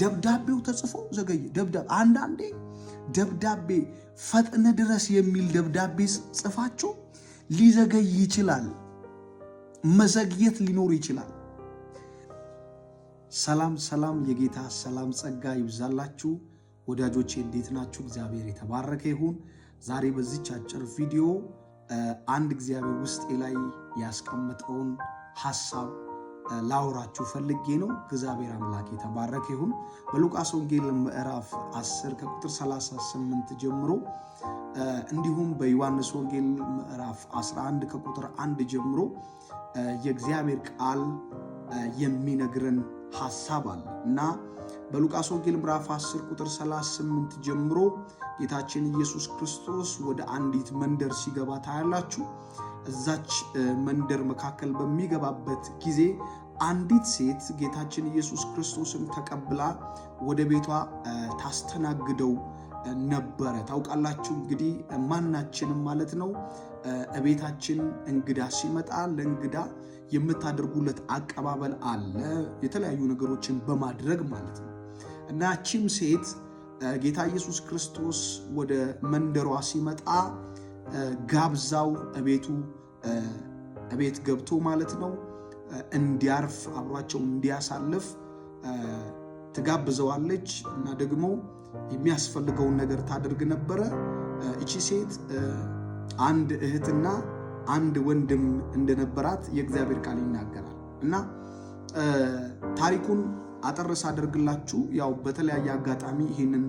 ደብዳቤው ተጽፎ ዘገየ። ደብዳቤ አንዳንዴ ደብዳቤ ፈጥነ ድረስ የሚል ደብዳቤ ጽፋችሁ ሊዘገይ ይችላል። መዘግየት ሊኖር ይችላል። ሰላም ሰላም፣ የጌታ ሰላም ጸጋ ይብዛላችሁ ወዳጆቼ፣ እንዴት ናችሁ? እግዚአብሔር የተባረከ ይሁን። ዛሬ በዚች አጭር ቪዲዮ አንድ እግዚአብሔር ውስጤ ላይ ያስቀመጠውን ሀሳብ ላውራችሁ ፈልጌ ነው። እግዚአብሔር አምላክ የተባረከ ይሁን። በሉቃስ ወንጌል ምዕራፍ 10 ከቁጥር 38 ጀምሮ እንዲሁም በዮሐንስ ወንጌል ምዕራፍ 11 ከቁጥር 1 ጀምሮ የእግዚአብሔር ቃል የሚነግረን ሐሳብ አለ እና በሉቃስ ወንጌል ምዕራፍ 10 ቁጥር 38 ጀምሮ ጌታችን ኢየሱስ ክርስቶስ ወደ አንዲት መንደር ሲገባ ታያላችሁ። እዛች መንደር መካከል በሚገባበት ጊዜ አንዲት ሴት ጌታችን ኢየሱስ ክርስቶስን ተቀብላ ወደ ቤቷ ታስተናግደው ነበረ። ታውቃላችሁ እንግዲህ ማናችንም ማለት ነው እቤታችን እንግዳ ሲመጣ ለእንግዳ የምታደርጉለት አቀባበል አለ፣ የተለያዩ ነገሮችን በማድረግ ማለት ነው። እና ያቺም ሴት ጌታ ኢየሱስ ክርስቶስ ወደ መንደሯ ሲመጣ ጋብዛው እቤቱ እቤት ገብቶ ማለት ነው እንዲያርፍ አብሯቸው እንዲያሳልፍ ትጋብዘዋለች እና ደግሞ የሚያስፈልገውን ነገር ታደርግ ነበረ። እቺ ሴት አንድ እህትና አንድ ወንድም እንደነበራት የእግዚአብሔር ቃል ይናገራል። እና ታሪኩን አጠረስ አደርግላችሁ ያው በተለያየ አጋጣሚ ይህንን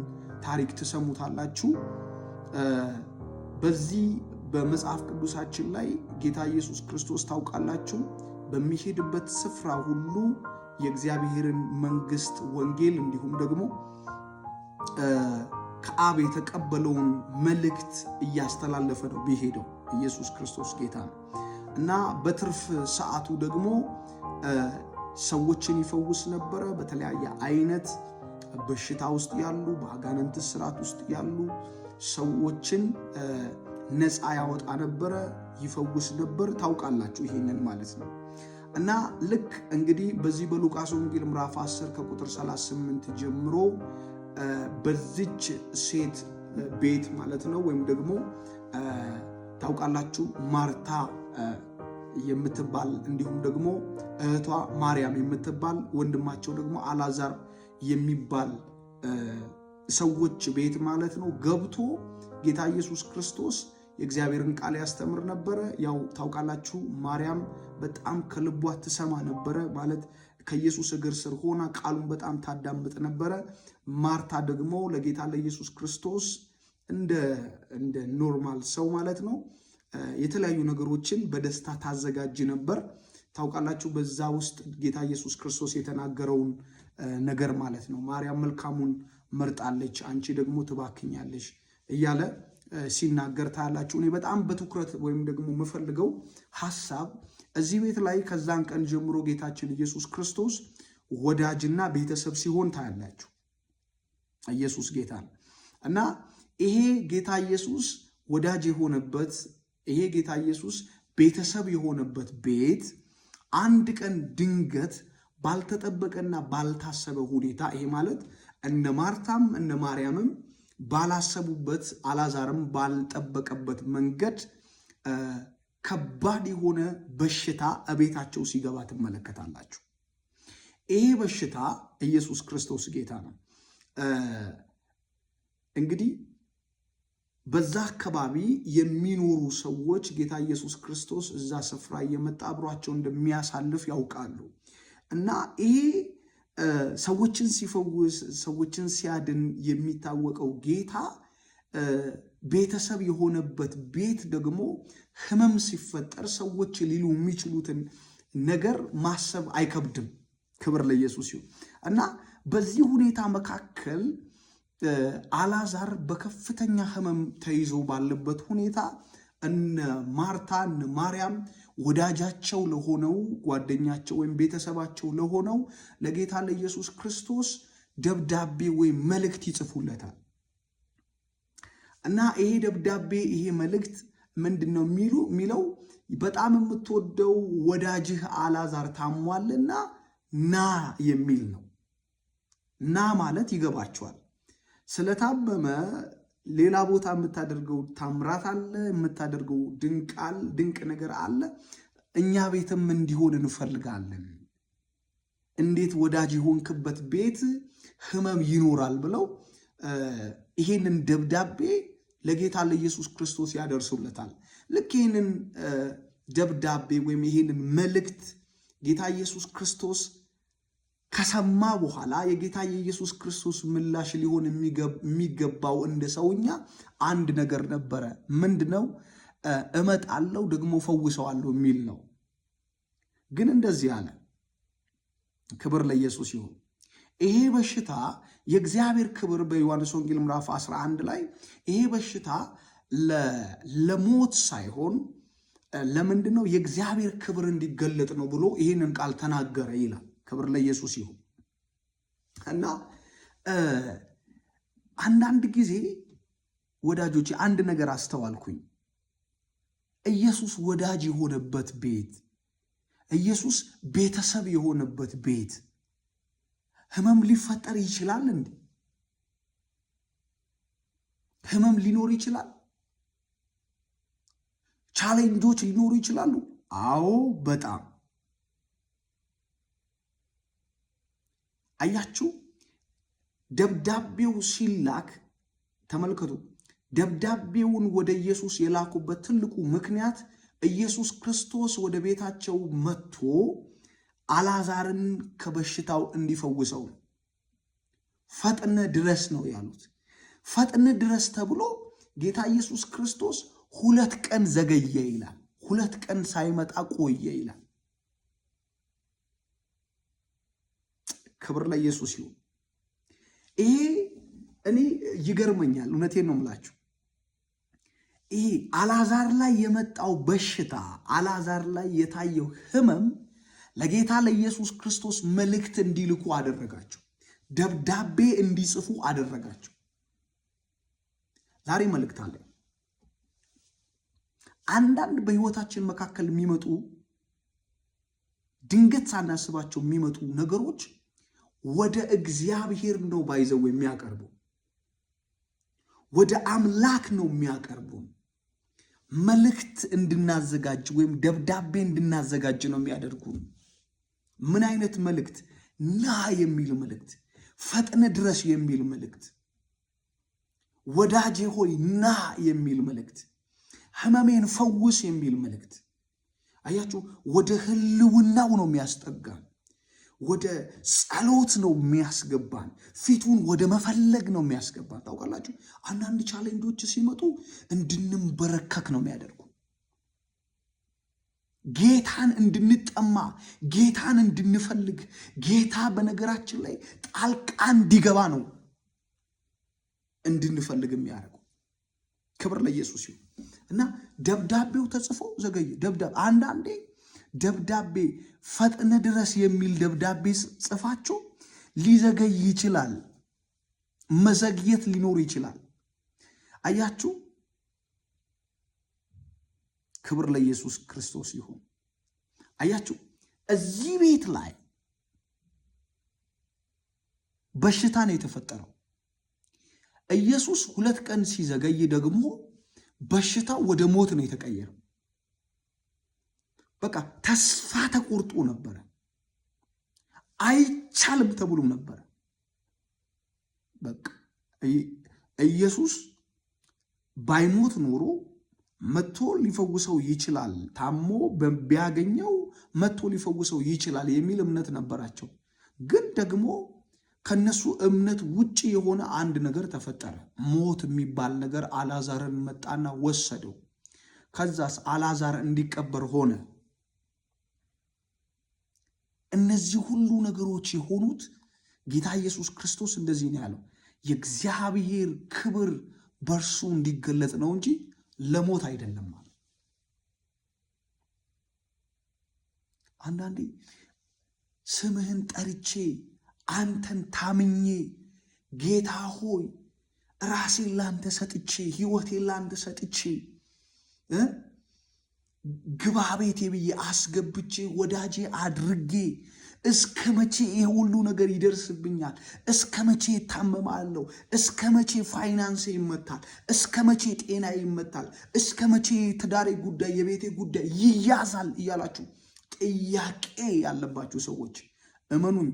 ታሪክ ትሰሙታላችሁ። በዚህ በመጽሐፍ ቅዱሳችን ላይ ጌታ ኢየሱስ ክርስቶስ ታውቃላችሁ፣ በሚሄድበት ስፍራ ሁሉ የእግዚአብሔርን መንግስት ወንጌል እንዲሁም ደግሞ ከአብ የተቀበለውን መልእክት እያስተላለፈ ነው ቢሄደው ኢየሱስ ክርስቶስ ጌታ ነው እና በትርፍ ሰዓቱ ደግሞ ሰዎችን ይፈውስ ነበረ። በተለያየ አይነት በሽታ ውስጥ ያሉ፣ በአጋንንት ስርዓት ውስጥ ያሉ ሰዎችን ነፃ ያወጣ ነበረ፣ ይፈውስ ነበር። ታውቃላችሁ ይሄንን ማለት ነው። እና ልክ እንግዲህ በዚህ በሉቃስ ወንጌል ምዕራፍ 10 ከቁጥር 38 ጀምሮ በዚች ሴት ቤት ማለት ነው ወይም ደግሞ ታውቃላችሁ ማርታ የምትባል እንዲሁም ደግሞ እህቷ ማርያም የምትባል ወንድማቸው ደግሞ አላዛር የሚባል ሰዎች ቤት ማለት ነው ገብቶ ጌታ ኢየሱስ ክርስቶስ የእግዚአብሔርን ቃል ያስተምር ነበረ። ያው ታውቃላችሁ ማርያም በጣም ከልቧ ትሰማ ነበረ ማለት ከኢየሱስ እግር ስር ሆና ቃሉን በጣም ታዳምጥ ነበረ። ማርታ ደግሞ ለጌታ ለኢየሱስ ክርስቶስ እንደ እንደ ኖርማል ሰው ማለት ነው የተለያዩ ነገሮችን በደስታ ታዘጋጅ ነበር። ታውቃላችሁ በዛ ውስጥ ጌታ ኢየሱስ ክርስቶስ የተናገረውን ነገር ማለት ነው ማርያም መልካሙን መርጣለች፣ አንቺ ደግሞ ትባክኛለሽ እያለ ሲናገር ታያላችሁ። እኔ በጣም በትኩረት ወይም ደግሞ የምፈልገው ሀሳብ እዚህ ቤት ላይ ከዛን ቀን ጀምሮ ጌታችን ኢየሱስ ክርስቶስ ወዳጅና ቤተሰብ ሲሆን ታያላችሁ። ኢየሱስ ጌታ ነው እና ይሄ ጌታ ኢየሱስ ወዳጅ የሆነበት ይሄ ጌታ ኢየሱስ ቤተሰብ የሆነበት ቤት አንድ ቀን ድንገት ባልተጠበቀና ባልታሰበ ሁኔታ ይሄ ማለት እነ ማርታም እነ ማርያምም ባላሰቡበት አላዛርም ባልጠበቀበት መንገድ ከባድ የሆነ በሽታ እቤታቸው ሲገባ ትመለከታላችሁ። ይሄ በሽታ ኢየሱስ ክርስቶስ ጌታ ነው። እንግዲህ በዛ አካባቢ የሚኖሩ ሰዎች ጌታ ኢየሱስ ክርስቶስ እዛ ስፍራ እየመጣ አብሯቸው እንደሚያሳልፍ ያውቃሉ እና ይሄ ሰዎችን ሲፈውስ ሰዎችን ሲያድን የሚታወቀው ጌታ ቤተሰብ የሆነበት ቤት ደግሞ ህመም ሲፈጠር ሰዎች ሊሉ የሚችሉትን ነገር ማሰብ አይከብድም። ክብር ለኢየሱስ ይሁን እና በዚህ ሁኔታ መካከል አላዛር በከፍተኛ ህመም ተይዞ ባለበት ሁኔታ እነ ማርታ እነ ማርያም ወዳጃቸው ለሆነው ጓደኛቸው ወይም ቤተሰባቸው ለሆነው ለጌታ ለኢየሱስ ክርስቶስ ደብዳቤ ወይም መልእክት ይጽፉለታል እና ይሄ ደብዳቤ ይሄ መልእክት ምንድን ነው የሚሉ የሚለው በጣም የምትወደው ወዳጅህ አላዛር ታሟልና ና የሚል ነው። ና ማለት ይገባቸዋል። ስለታመመ ሌላ ቦታ የምታደርገው ታምራት አለ፣ የምታደርገው ድንቅ ነገር አለ። እኛ ቤትም እንዲሆን እንፈልጋለን። እንዴት ወዳጅ የሆንክበት ቤት ህመም ይኖራል ብለው ይሄንን ደብዳቤ ለጌታ ለኢየሱስ ክርስቶስ ያደርሱለታል። ልክ ይህንን ደብዳቤ ወይም ይሄንን መልእክት ጌታ ኢየሱስ ክርስቶስ ከሰማ በኋላ የጌታ የኢየሱስ ክርስቶስ ምላሽ ሊሆን የሚገባው እንደ ሰውኛ አንድ ነገር ነበረ። ምንድ ነው? እመጣለሁ ደግሞ ፈውሰዋለሁ የሚል ነው። ግን እንደዚህ አለ። ክብር ለኢየሱስ ይሁን። ይሄ በሽታ የእግዚአብሔር ክብር በዮሐንስ ወንጌል ምዕራፍ 11 ላይ ይሄ በሽታ ለሞት ሳይሆን ለምንድን ነው የእግዚአብሔር ክብር እንዲገለጥ ነው ብሎ ይህንን ቃል ተናገረ ይላል። ክብር ለኢየሱስ ይሁን እና አንዳንድ ጊዜ ወዳጆች አንድ ነገር አስተዋልኩኝ። ኢየሱስ ወዳጅ የሆነበት ቤት፣ ኢየሱስ ቤተሰብ የሆነበት ቤት ህመም ሊፈጠር ይችላል እንዴ? ህመም ሊኖር ይችላል። ቻሌንጆች ሊኖሩ ይችላሉ። አዎ በጣም አያችሁ፣ ደብዳቤው ሲላክ ተመልከቱ። ደብዳቤውን ወደ ኢየሱስ የላኩበት ትልቁ ምክንያት ኢየሱስ ክርስቶስ ወደ ቤታቸው መጥቶ አላዛርን ከበሽታው እንዲፈውሰው ፈጥነ ድረስ ነው ያሉት። ፈጥነ ድረስ ተብሎ ጌታ ኢየሱስ ክርስቶስ ሁለት ቀን ዘገየ ይላል። ሁለት ቀን ሳይመጣ ቆየ ይላል። ክብር ለኢየሱስ ይሁን። ይሄ እኔ ይገርመኛል። እውነቴን ነው የምላችሁ። ይሄ አላዛር ላይ የመጣው በሽታ አላዛር ላይ የታየው ህመም ለጌታ ለኢየሱስ ክርስቶስ መልእክት እንዲልኩ አደረጋቸው። ደብዳቤ እንዲጽፉ አደረጋቸው። ዛሬ መልእክት አለ። አንዳንድ በህይወታችን መካከል የሚመጡ ድንገት ሳናስባቸው የሚመጡ ነገሮች ወደ እግዚአብሔር ነው ባይዘው የሚያቀርቡ ወደ አምላክ ነው የሚያቀርቡ። መልእክት እንድናዘጋጅ ወይም ደብዳቤ እንድናዘጋጅ ነው የሚያደርጉ። ምን አይነት መልእክት? ና የሚል መልእክት፣ ፈጥነ ድረስ የሚል መልእክት፣ ወዳጄ ሆይ ና የሚል መልእክት፣ ህመሜን ፈውስ የሚል መልእክት። አያችሁ፣ ወደ ህልውናው ነው የሚያስጠጋ ወደ ጸሎት ነው የሚያስገባን። ፊቱን ወደ መፈለግ ነው የሚያስገባን። ታውቃላችሁ፣ አንዳንድ ቻሌንጆች ሲመጡ እንድንበረከክ ነው የሚያደርጉ ጌታን እንድንጠማ ጌታን እንድንፈልግ ጌታ በነገራችን ላይ ጣልቃ እንዲገባ ነው እንድንፈልግ የሚያደርጉ። ክብር ለኢየሱስ ይሁን እና ደብዳቤው ተጽፎ ዘገየ። ደብዳቤ አንዳንዴ ደብዳቤ ፈጥነ ድረስ የሚል ደብዳቤ ጽፋችሁ ሊዘገይ ይችላል። መዘግየት ሊኖር ይችላል። አያችሁ። ክብር ለኢየሱስ ክርስቶስ ይሁን። አያችሁ እዚህ ቤት ላይ በሽታ ነው የተፈጠረው። ኢየሱስ ሁለት ቀን ሲዘገይ ደግሞ በሽታው ወደ ሞት ነው የተቀየረው። በቃ ተስፋ ተቆርጦ ነበረ። አይቻልም ተብሎም ነበረ። በቃ ኢየሱስ ባይሞት ኖሮ መጥቶ ሊፈውሰው ይችላል፣ ታሞ ቢያገኘው መጥቶ ሊፈውሰው ይችላል የሚል እምነት ነበራቸው። ግን ደግሞ ከነሱ እምነት ውጭ የሆነ አንድ ነገር ተፈጠረ። ሞት የሚባል ነገር አላዛርን መጣና ወሰደው። ከዛስ አላዛር እንዲቀበር ሆነ። እነዚህ ሁሉ ነገሮች የሆኑት ጌታ ኢየሱስ ክርስቶስ እንደዚህ ነው ያለው፣ የእግዚአብሔር ክብር በእርሱ እንዲገለጥ ነው እንጂ ለሞት አይደለም ማለት። አንዳንዴ ስምህን ጠርቼ አንተን ታምኜ ጌታ ሆይ ራሴን ላንተ ሰጥቼ ሕይወቴን ላንተ ሰጥቼ ግባ ቤቴ ብዬ አስገብቼ ወዳጄ አድርጌ እስከ መቼ ይህ ሁሉ ነገር ይደርስብኛል? እስከ መቼ ታመማለሁ? እስከ መቼ ፋይናንስ ይመታል? እስከ መቼ ጤና ይመታል? እስከ መቼ የትዳሬ ጉዳይ የቤቴ ጉዳይ ይያዛል? እያላችሁ ጥያቄ ያለባችሁ ሰዎች እመኑኝ፣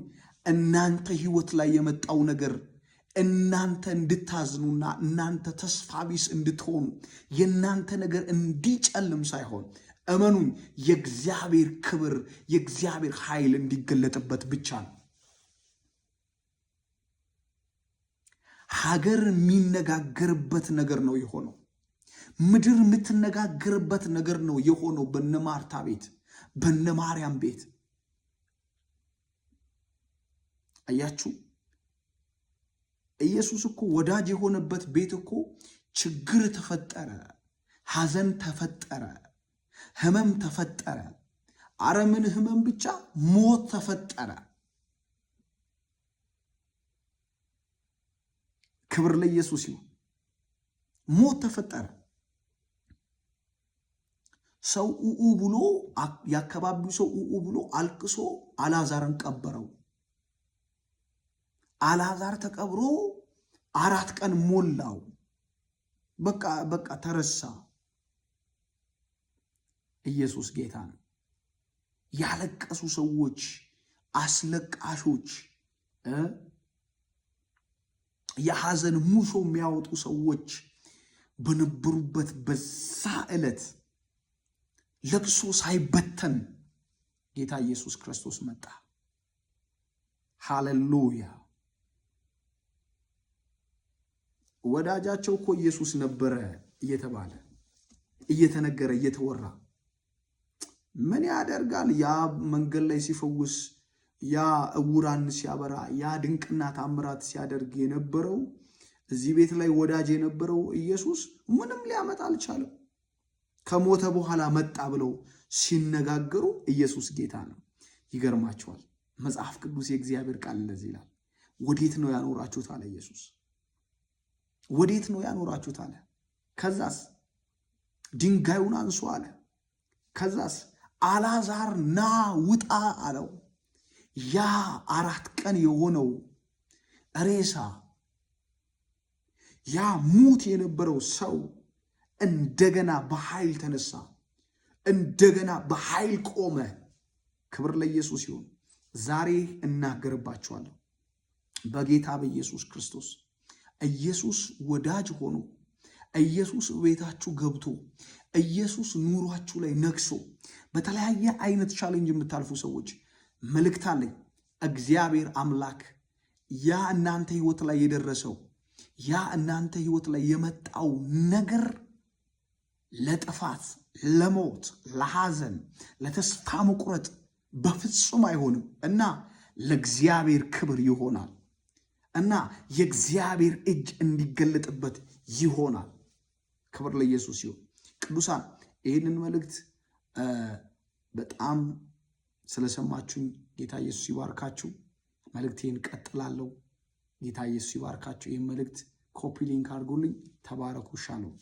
እናንተ ህይወት ላይ የመጣው ነገር እናንተ እንድታዝኑና እናንተ ተስፋ ቢስ እንድትሆኑ የእናንተ ነገር እንዲጨልም ሳይሆን እመኑኝ፣ የእግዚአብሔር ክብር የእግዚአብሔር ኃይል እንዲገለጥበት ብቻ ነው። ሀገር የሚነጋገርበት ነገር ነው የሆነው። ምድር የምትነጋገርበት ነገር ነው የሆነው። በነ ማርታ ቤት፣ በነ ማርያም ቤት አያችሁ። ኢየሱስ እኮ ወዳጅ የሆነበት ቤት እኮ ችግር ተፈጠረ፣ ሐዘን ተፈጠረ፣ ህመም ተፈጠረ፣ አረምን ህመም ብቻ ሞት ተፈጠረ። ክብር ለኢየሱስ ይሁን። ሞት ተፈጠረ። ሰው ኡኡ ብሎ የአካባቢው ሰው ኡኡ ብሎ አልቅሶ አላዛርን ቀበረው። አልዓዛር ተቀብሮ አራት ቀን ሞላው። በቃ በቃ ተረሳ። ኢየሱስ ጌታ ነው። ያለቀሱ ሰዎች አስለቃሾች፣ የሐዘን ሙሾ የሚያወጡ ሰዎች በነበሩበት በዛ ዕለት ለቅሶ ሳይበተን ጌታ ኢየሱስ ክርስቶስ መጣ። ሃሌሉያ ወዳጃቸው እኮ ኢየሱስ ነበረ እየተባለ እየተነገረ እየተወራ ምን ያደርጋል? ያ መንገድ ላይ ሲፈውስ፣ ያ እውራን ሲያበራ፣ ያ ድንቅና ታምራት ሲያደርግ የነበረው እዚህ ቤት ላይ ወዳጅ የነበረው ኢየሱስ ምንም ሊያመጣ አልቻለም። ከሞተ በኋላ መጣ ብለው ሲነጋገሩ ኢየሱስ ጌታ ነው። ይገርማቸዋል። መጽሐፍ ቅዱስ የእግዚአብሔር ቃል እንደዚህ ይላል። ወዴት ነው ያኖራችሁት? አለ ኢየሱስ ወዴት ነው ያኖራችሁት አለ። ከዛስ ድንጋዩን አንሶ አለ። ከዛስ አላዛር ና ውጣ አለው። ያ አራት ቀን የሆነው ሬሳ ያ ሙት የነበረው ሰው እንደገና በኃይል ተነሳ፣ እንደገና በኃይል ቆመ። ክብር ለኢየሱስ ይሁን። ዛሬ እናገርባችኋለሁ በጌታ በኢየሱስ ክርስቶስ ኢየሱስ ወዳጅ ሆኖ ኢየሱስ ቤታችሁ ገብቶ ኢየሱስ ኑሯችሁ ላይ ነግሶ በተለያየ አይነት ቻሌንጅ የምታልፉ ሰዎች መልእክት አለኝ። እግዚአብሔር አምላክ ያ እናንተ ህይወት ላይ የደረሰው ያ እናንተ ህይወት ላይ የመጣው ነገር ለጥፋት፣ ለሞት፣ ለሐዘን፣ ለተስፋ መቁረጥ በፍጹም አይሆንም እና ለእግዚአብሔር ክብር ይሆናል። እና የእግዚአብሔር እጅ እንዲገለጥበት ይሆናል። ክብር ለኢየሱስ ይሁን። ቅዱሳን ይህንን መልእክት በጣም ስለሰማችሁኝ ጌታ ኢየሱስ ይባርካችሁ። መልእክቴን ቀጥላለሁ። ጌታ ኢየሱስ ይባርካችሁ። ይህን መልእክት ኮፒ ሊንክ አድርጉልኝ። ተባረኩ። ሻሎም